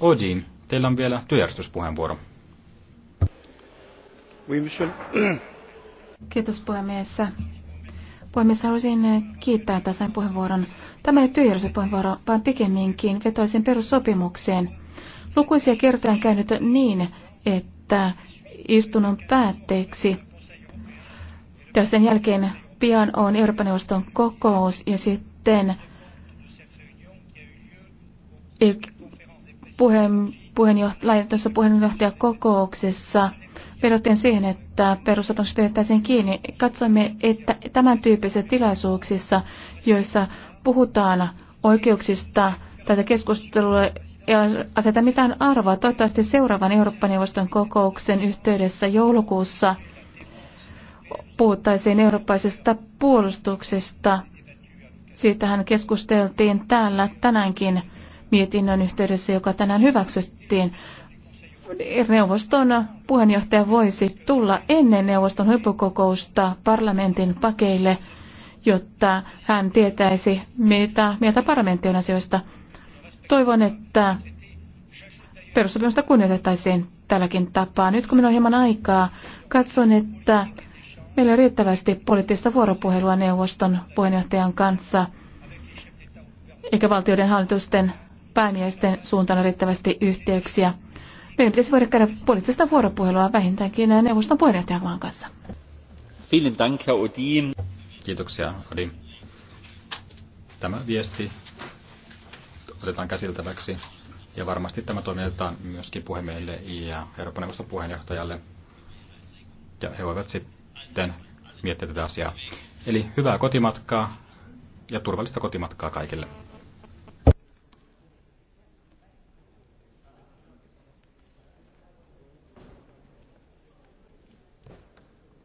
Odin, teillä on vielä työjärjestyspuheenvuoro. Kiitos puhemies. Puhemies, haluaisin kiittää tässä puheenvuoron. Tämä ei työjärjestyspuheenvuoro, vaan pikemminkin vetoisin perussopimukseen. Lukuisia kertoja on käynyt niin, että istunnon päätteeksi ja sen jälkeen pian on Euroopan neuvoston kokous ja sitten puheen, puheenjohtaja, tuossa puheenjohtajakokouksessa vedottiin siihen, että perusopetus pidettäisiin kiinni. Katsoimme, että tämän tyyppisissä tilaisuuksissa, joissa puhutaan oikeuksista tätä keskustelua ei aseta mitään arvoa. Toivottavasti seuraavan Eurooppa-neuvoston kokouksen yhteydessä joulukuussa puhuttaisiin eurooppaisesta puolustuksesta. Siitähän keskusteltiin täällä tänäänkin mietinnön yhteydessä, joka tänään hyväksyttiin. Neuvoston puheenjohtaja voisi tulla ennen neuvoston huippukokousta parlamentin pakeille, jotta hän tietäisi, mitä mieltä parlamentti on asioista. Toivon, että perussopimusta kunnioitettaisiin tälläkin tapaa. Nyt kun minulla on hieman aikaa, katson, että meillä on riittävästi poliittista vuoropuhelua neuvoston puheenjohtajan kanssa, eikä valtioiden hallitusten päämiesten suuntaan riittävästi yhteyksiä. Meidän pitäisi voida käydä poliittista vuoropuhelua vähintäänkin neuvoston puheenjohtajamaan kanssa. Dank, Herr Odin. Kiitoksia, Odi. Tämä viesti otetaan käsiltäväksi ja varmasti tämä toimitetaan myöskin puhemiehille ja Euroopan neuvoston puheenjohtajalle. Ja he voivat sitten miettiä tätä asiaa. Eli hyvää kotimatkaa ja turvallista kotimatkaa kaikille.